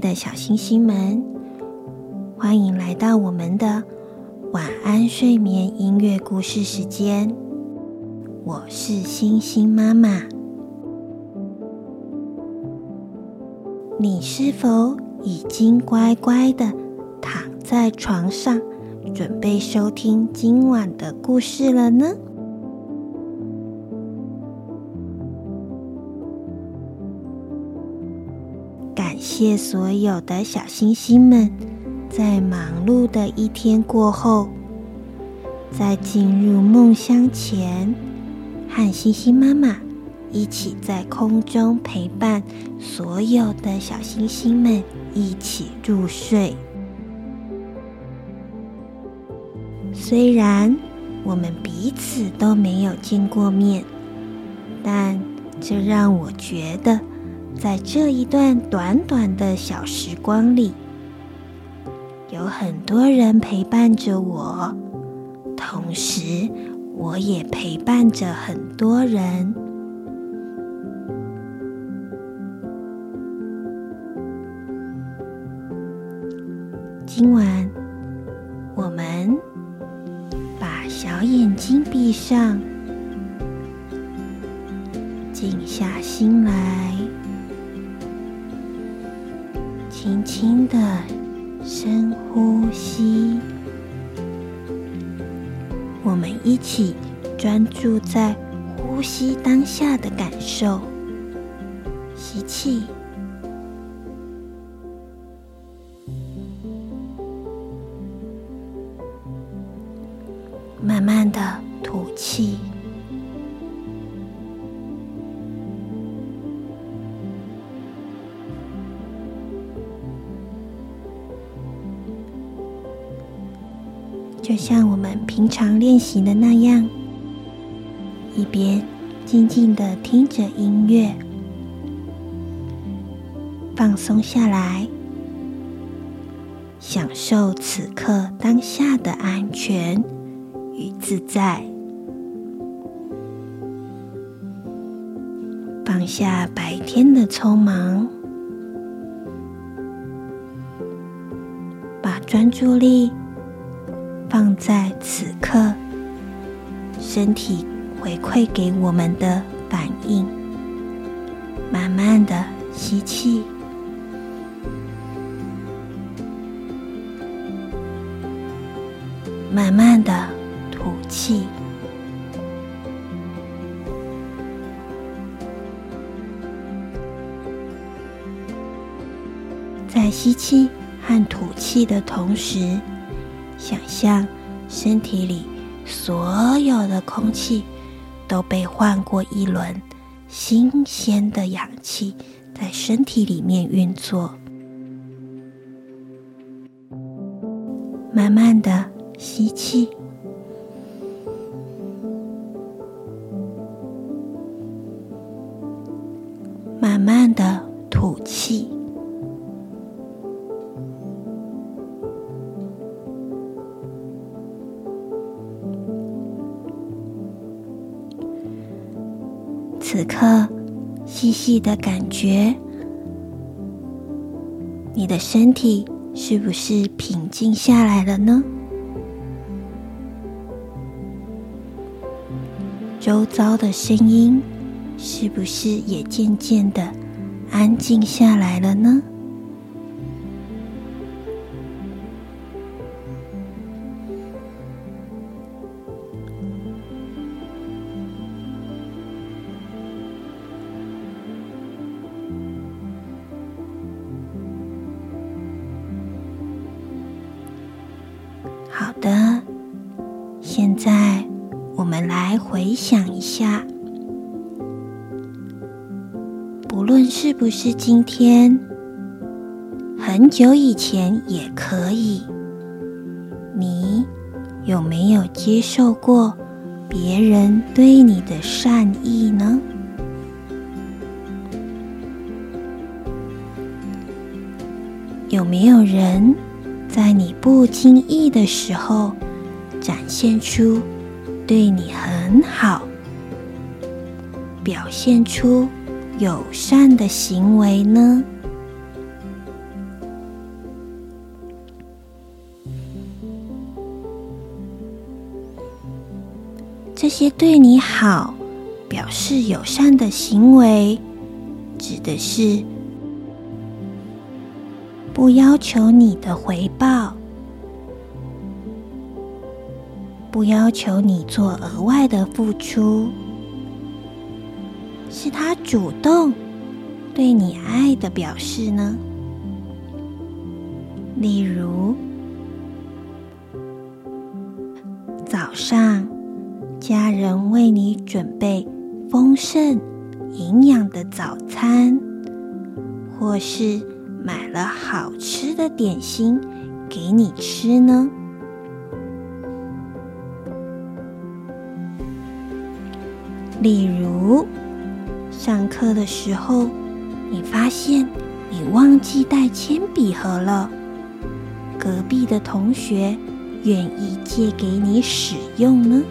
的小星星們，歡迎來到我們的晚安睡眠音樂故事時間。我是星星媽媽。你是否已經乖乖的躺在床上，準備收聽今晚的故事了呢？謝所有的小星星們，在忙碌的一天過後，在進入夢鄉前，和星星媽媽一起在空中陪伴所有的小星星們一起入睡。雖然我們彼此都沒有見過面，但這讓我覺得。在這一段短短的小時光裡，有很多人陪伴着我，同時我也陪伴着很多人。今晚，我們把小眼睛閉上，靜下心來。輕輕的深呼吸，我們一起專注在呼吸當下的感受。吸氣。常練習的那樣，一邊靜靜的聽着音樂，放鬆下來，享受此刻當下的安全與自在。放下白天的匆忙，把專注力。正在此刻，身體回饋給我們的反應，慢慢的吸氣，慢慢的吐氣，在吸氣和吐氣的同時。想象身體裡所有的空氣都被換過一輪新鮮的氧氣，在身體裡面運作。慢慢的吸氣。此刻，細細的感覺，你的身體是不是平靜下來了呢？周遭的聲音是不是也漸漸的安靜下來了呢？不是今天，很久以前也可以。你有沒有接受過別人對你的善意呢？有沒有人在你不經意的時候展現出對你很好，表現出？友善的行為呢？這些對你好、表示友善的行為，指的是不要求你的回報，不要求你做額外的付出。主動對你愛的表示呢？例如，早上家人為你準備豐盛、營養的早餐，或是買了好吃的點心給你吃呢？例如。上課的時候，你發現你忘記帶鉛筆盒了，隔壁的同學願意借給你使用呢？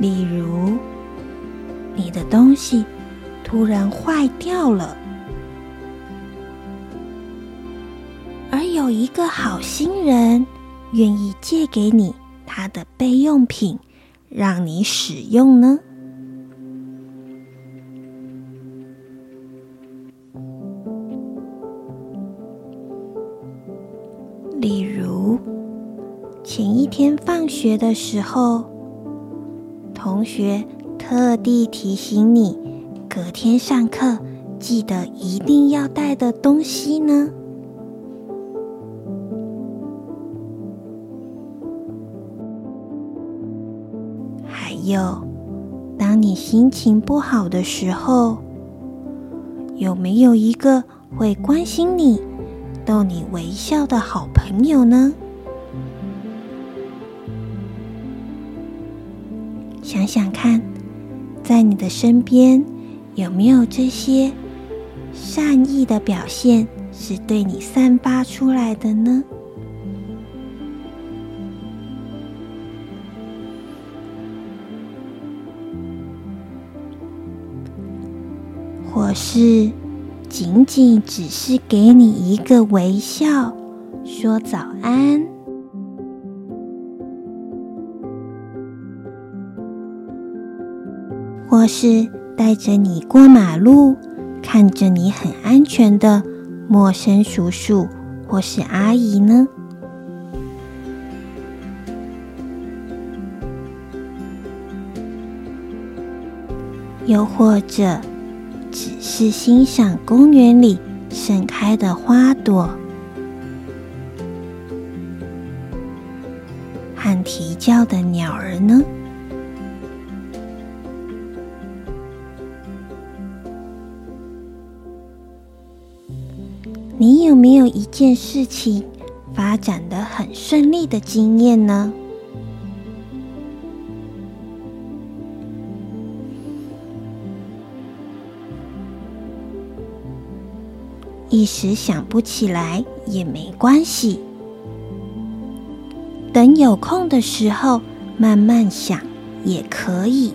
例如，你的東西突然壞掉了，而有一個好心人，願意借給你他的備用品，讓你使用呢？例如，前一天放學的時候，同學特地提醒你，隔天上課記得一定要帶的東西呢？有，當你心情不好的時候，有沒有一個會關心你、逗你微笑的好朋友呢？想想看，在你的身邊有沒有這些善意的表現是對你散發出來的呢？或是僅僅只是給你一個微笑，說早安，或是帶着你過馬路，看着你很安全的陌生叔叔或是阿姨呢？又或者？是欣賞公園裡盛開的花朵和啼叫的鳥兒呢？你有沒有一件事情發展得很順利的經驗呢？一時想不起來也沒關係，等有空的時候慢慢想也可以。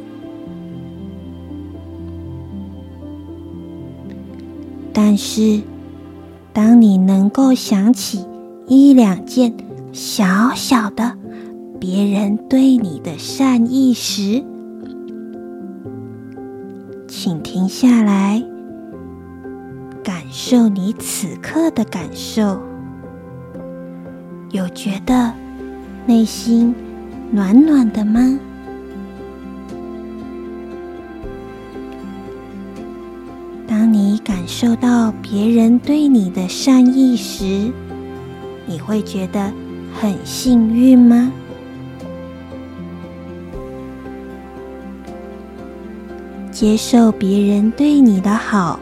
但是，當你能夠想起一兩件小小的別人對你的善意時，請停下來。受你此刻的感受，有覺得內心暖暖的嗎？當你感受到別人對你的善意時，你會覺得很幸運嗎？接受別人對你的好。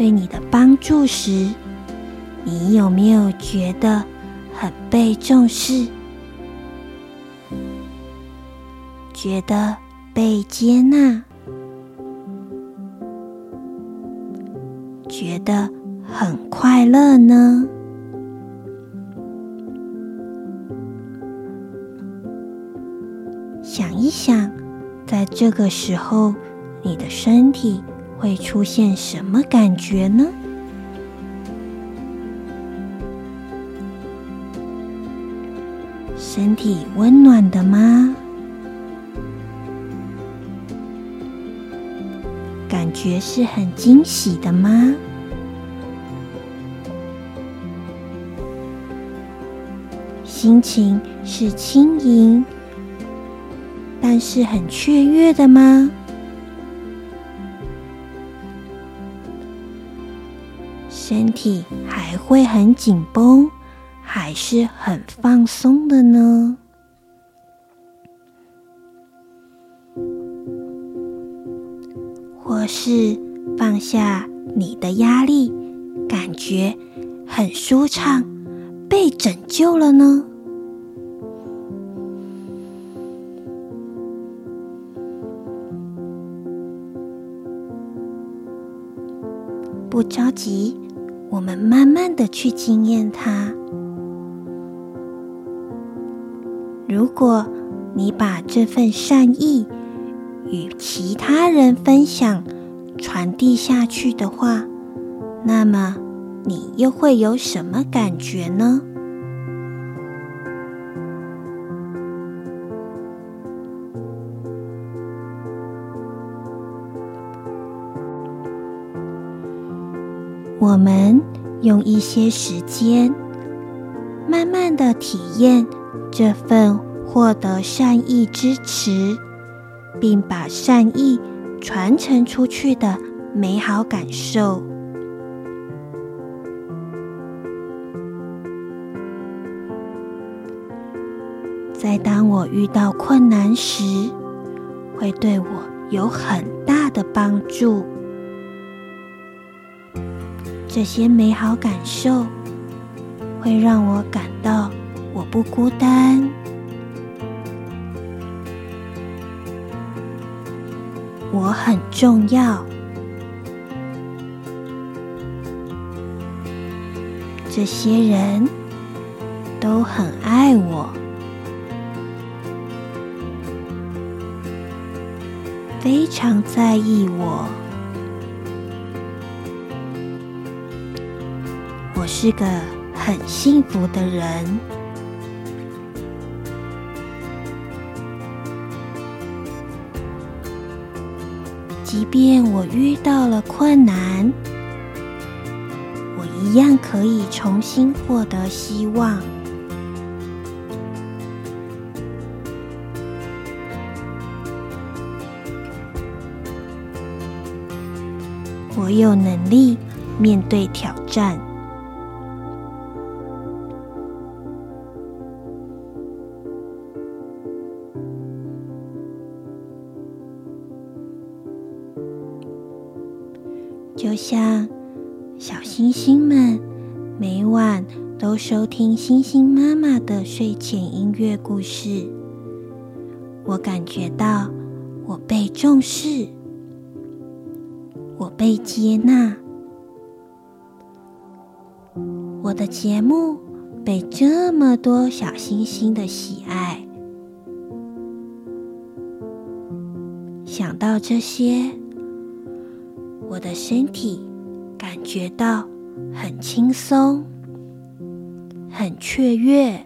對你的幫助時，你有沒有覺得很被重視？覺得被接納？覺得很快樂呢？想一想，在這個時候，你的身體。會出現什麼感覺呢？身體溫暖的嗎？感覺是很驚喜的嗎？心情是輕盈，但是很雀躍的嗎？身體還會很緊繃，還是很放鬆的呢？或是放下你的壓力，感覺很舒暢，被拯救了呢？不着急。我們慢慢的去經驗它。如果你把這份善意與其他人分享，傳遞下去的話，那麼你又會有什麼感覺呢？我們用一些時間，慢慢的體驗這份獲得善意支持，並把善意傳承出去的美好感受。在當我遇到困難時，會對我有很大的幫助。這些美好感受會讓我感到我不孤單，我很重要。這些人都很愛我，非常在意我。是個很幸福的人。即便我遇到了困難，我一樣可以重新獲得希望。我有能力面對挑戰。聽星星媽媽的睡前音樂故事，我感覺到我被重視，我被接納，我的節目被這麼多小星星的喜愛。想到這些，我的身體感覺到很輕鬆。很雀躍，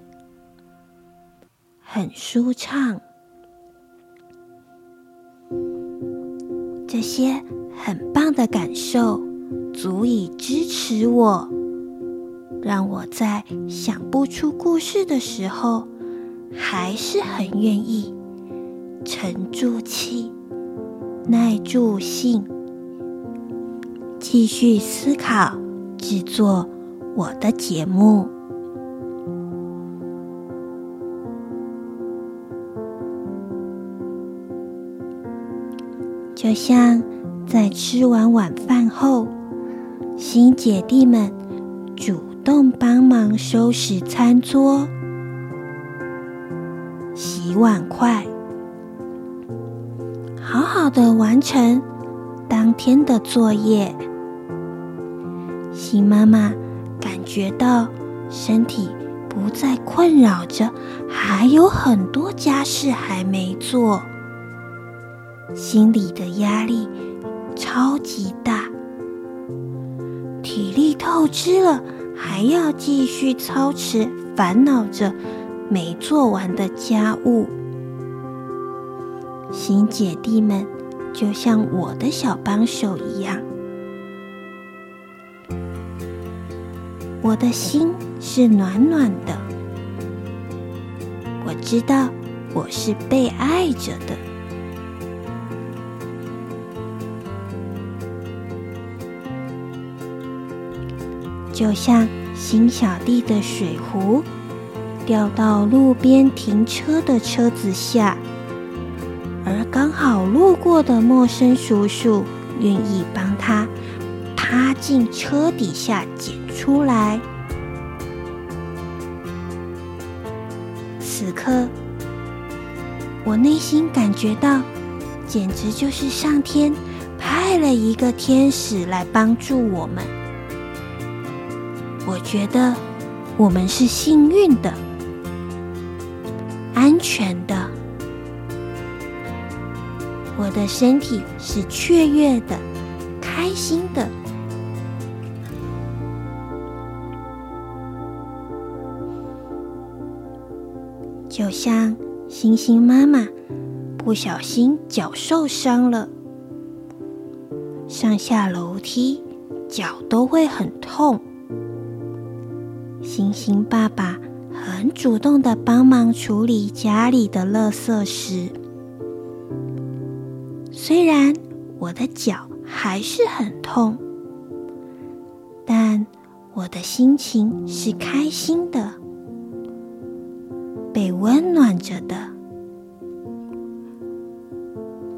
很舒暢。這些很棒的感受足以支持我，讓我在想不出故事的時候，還是很願意沉住氣、耐住性，繼續思考制作我的節目。就像在吃完晚飯後，新姐弟們主動幫忙收拾餐桌、洗碗筷，好好的完成當天的作業。新媽媽感覺到身體不再困擾着，還有很多家事還沒做。心裡的壓力超級大，體力透支了，還要繼續操持煩惱着沒做完的家務。新姐弟們就像我的小幫手一樣，我的心是暖暖的。我知道我是被愛着的。就像新小弟的水壺掉到路邊停車的車子下，而剛好路過的陌生叔叔願意幫他趴進車底下撿出來。此刻，我內心感覺到，簡直就是上天派了一個天使來幫助我們。我覺得我們是幸運的、安全的。我的身體是雀躍的、開心的。就像星星媽媽不小心腳受傷了，上下樓梯，腳都會很痛。星星爸爸很主動的幫忙處理家裡的垃圾時，雖然我的腳還是很痛，但我的心情是開心的，被溫暖着的，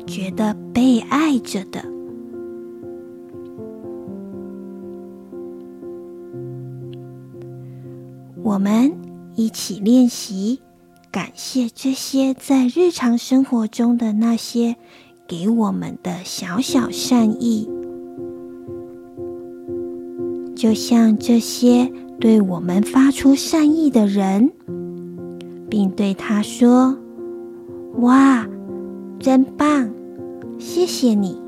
覺得被愛着的。我們一起練習，感謝這些在日常生活中的那些給我們的小小善意，就像這些對我們發出善意的人，並對他說：“哇，真棒，謝謝你！”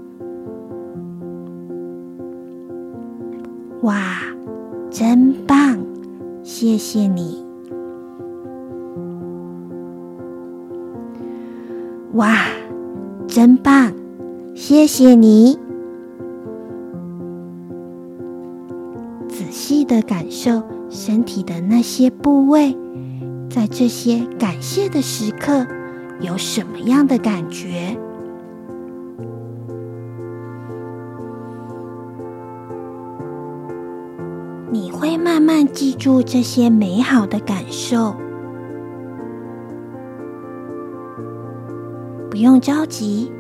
哇，真棒。謝謝你！哇，真棒！謝謝你！仔細地感受身體的那些部位，在這些感謝的時刻，有什麼樣的感覺？記住這些美好的感受，不用着急，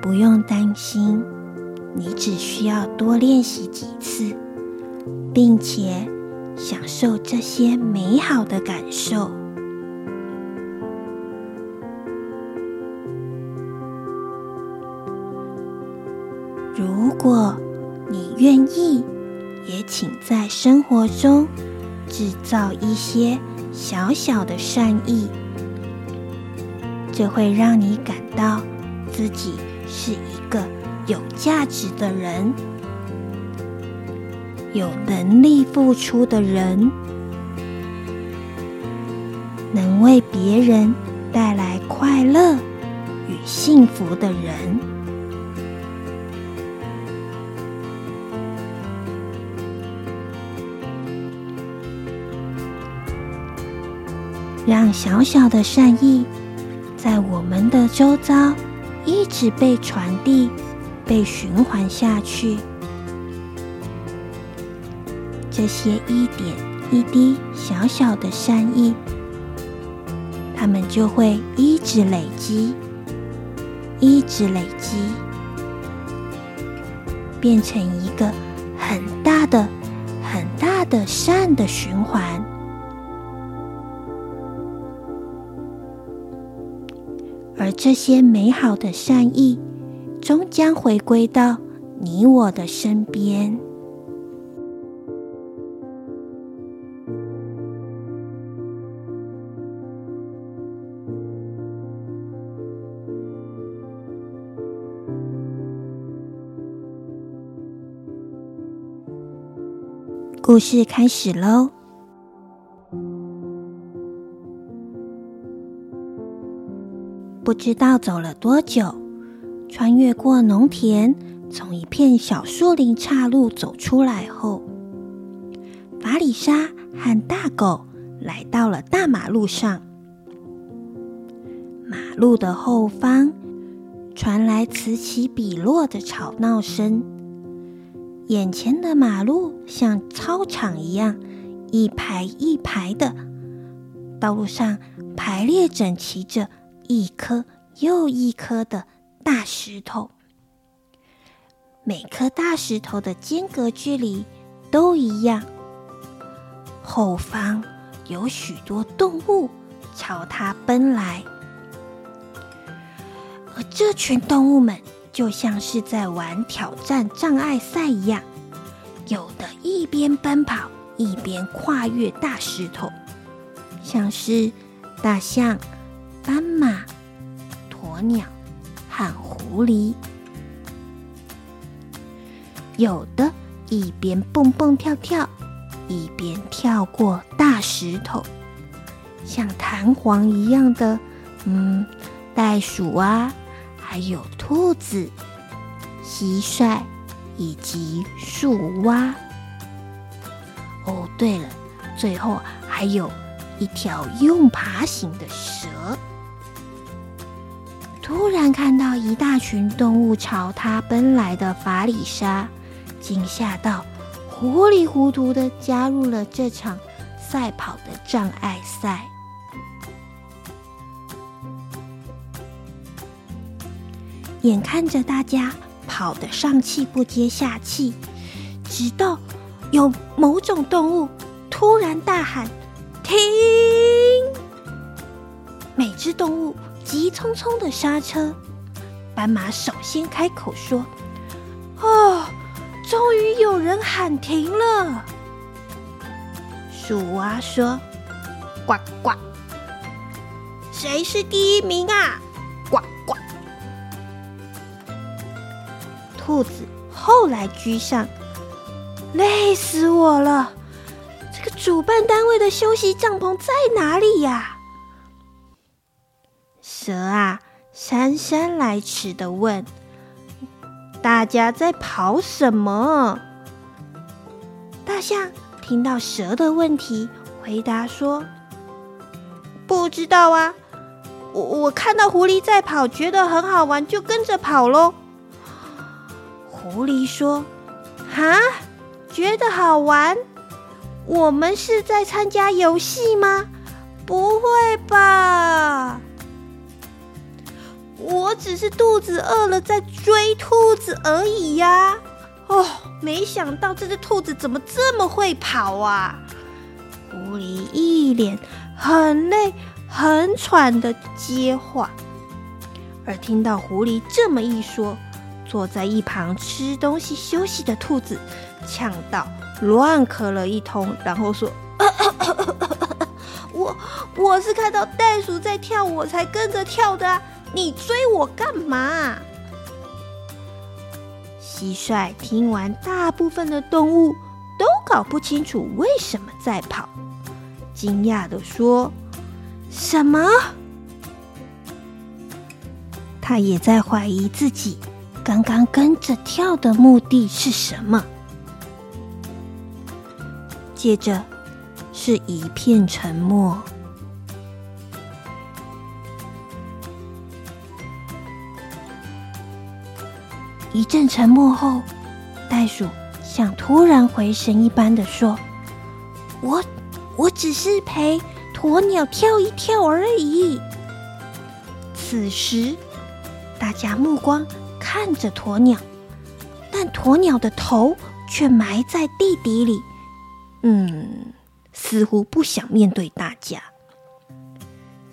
不用擔心，你只需要多練習幾次，並且享受這些美好的感受。如果你願意。請在生活中製造一些小小的善意，這會讓你感到自己是一個有價值的人，有能力付出的人，能為別人帶來快樂與幸福的人。讓小小的善意在我們的周遭一直被傳遞、被循環下去。這些一點一滴小小的善意，它們就會一直累積，一直累積，變成一個很大的、很大的善的循環。而這些美好的善意，終將回歸到你我的身邊。故事開始嘍。不知道走了多久，穿越過農田，從一片小樹林岔路走出來後，法理沙和大狗來到了大馬路上。馬路的後方傳來此起彼落的吵鬧聲，眼前的馬路像操場一樣，一排一排的道路上排列整齊着。一顆又一顆的大石頭，每顆大石頭的間隔距離都一樣。後方有許多動物朝它奔來，而這群動物們就像是在玩挑戰障礙賽一樣，有的一邊奔跑，一邊跨越大石頭，像是大象，斑馬、鴕鳥、和狐狸，有的一邊蹦蹦跳跳，一邊跳過大石頭，像彈簧一樣的，嗯，袋鼠啊，還有兔子、蟋蟀以及樹蛙。哦，對了，最後還有一條用爬行的蛇。突然看到一大群動物朝他奔來的法理沙，驚嚇到，糊里糊塗的加入了這場賽跑的障礙賽。眼看着大家跑得上氣不接下氣，直到有某種動物突然大喊：“停！”每隻動物。急匆匆的剎車，斑馬首先開口說：“哦，終於有人喊停了。”鼠娃說：“呱呱，誰是第一名啊？”呱呱，兔子後來居上，累死我了！這個主辦單位的休息帳篷在哪裡呀，啊？蛇啊，姍姍來遲的問：“大家在跑什麼？”大象聽到蛇的問題，回答說：“不知道啊，我我看到狐狸在跑，覺得很好玩，就跟着跑嘍。”狐狸說：“哈，覺得好玩？我們是在參加遊戲嗎？不會吧！”我只是肚子餓了，在追兔子而已呀、啊！哦，沒想到這隻兔子怎麼這麼會跑啊！狐狸一臉很累、很喘的接話，而聽到狐狸這麼一說，坐在一旁吃東西休息的兔子嗆到，亂咳了一通，然後說：“ 我我是看到袋鼠在跳，我才跟着跳的、啊。”你追我幹嘛？蟋蟀聽完，大部分的動物都搞不清楚為什麼在跑，驚訝地說：“什麼？”他也在懷疑自己剛剛跟着跳的目的是什麼。接着是一片沉默。一陣沉默後，袋鼠，像突然回神一般地說：“我，我只是陪鴕鳥跳一跳而已。”此時，大家目光看着鴕鳥，但鴕鳥的頭卻埋在地底裡，嗯，似乎不想面對大家。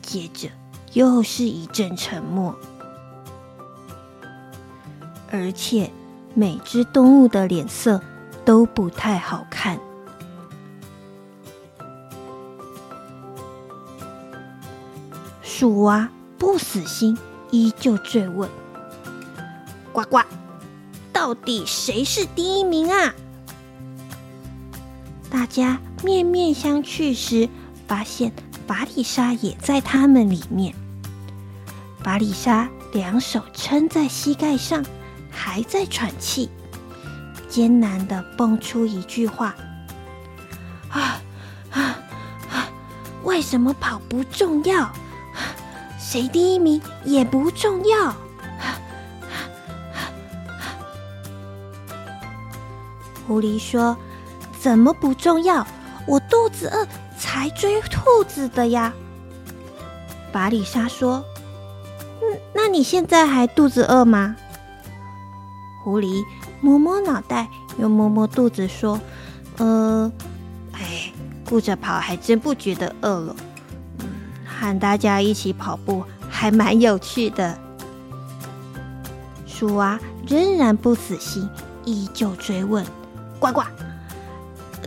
接着又是一陣沉默。而且每隻動物的臉色都不太好看。樹蛙、啊、不死心，依舊追問：“呱呱，到底誰是第一名啊？”大家面面相覷時，發現法理沙也在他們裡面。法理沙兩手撐在膝蓋上。還在喘氣，艱難的蹦出一句話：“啊啊啊！為什麼跑不重要？啊、誰第一名也不重要。啊啊啊啊”狐狸說：“怎麼不重要？我肚子餓才追兔子的呀。”法理沙說：“嗯，那你現在還肚子餓嗎？”狐狸摸摸腦袋，又摸摸肚子，說：“呃，哎，顧着跑還真不覺得餓了。嗯，和大家一起跑步還蠻有趣的。”鼠娃仍然不死心，依舊追問：“呱呱，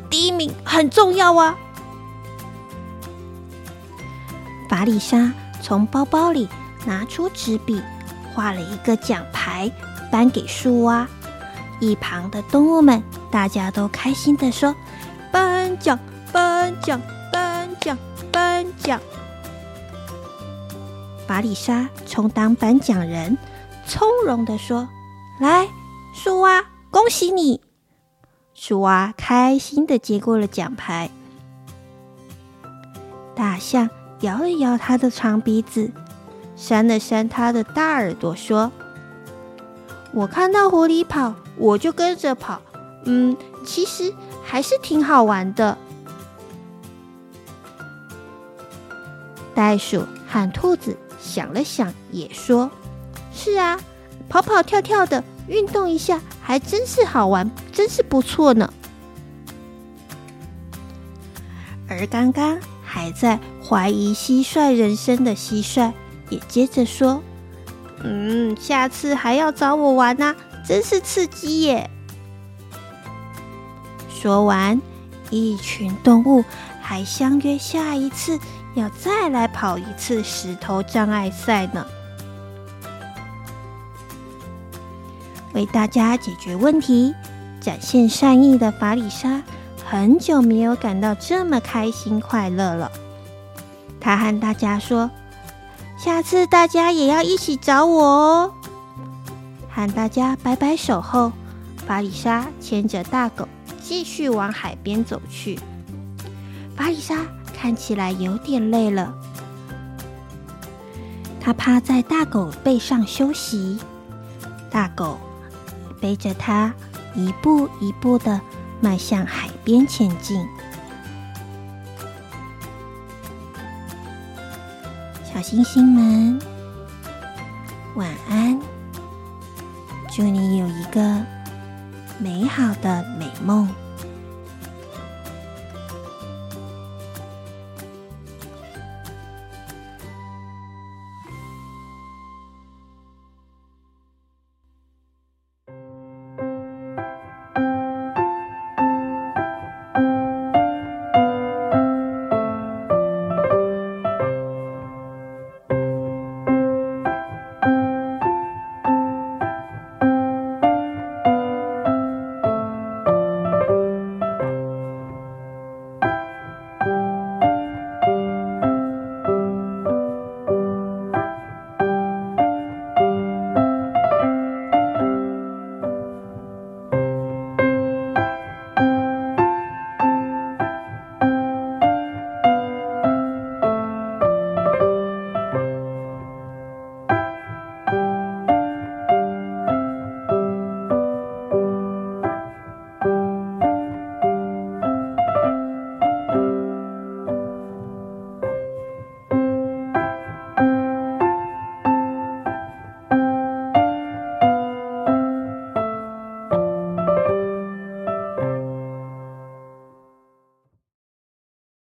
第一名很重要啊！”法理沙從包包裡拿出紙筆，畫了一個獎牌。頒給樹蛙，一旁的動物們，大家都開心的說：“頒獎，頒獎，頒獎，頒獎。”法理沙充當頒獎人，從容的說：“來，樹蛙，恭喜你！”樹蛙開心的接過了獎牌。大象搖了搖它的長鼻子，扇了扇它的大耳朵，說。我看到狐狸跑，我就跟着跑。嗯，其實還是挺好玩的。袋鼠和兔子，想了想也說：“是啊，跑跑跳跳的運動一下，還真是好玩，真是不錯呢。”而剛剛還在懷疑蟋蟀人生的蟋蟀，也接着說。.嗯，下次還要找我玩吶，啊，真是刺激耶！說完，一群動物還相約下一次要再來跑一次石頭障礙賽呢。為大家解決問題，展現善意的法里莎，很久沒有感到這麼開心快樂了。她和大家說。下次大家也要一起找我哦！和大家擺擺手後，法理沙牽着大狗繼續往海邊走去。法理沙看起來有點累了，她趴在大狗背上休息，大狗背着她一步一步的邁向海邊前進。小星星們，晚安。祝你有一個美好的美夢。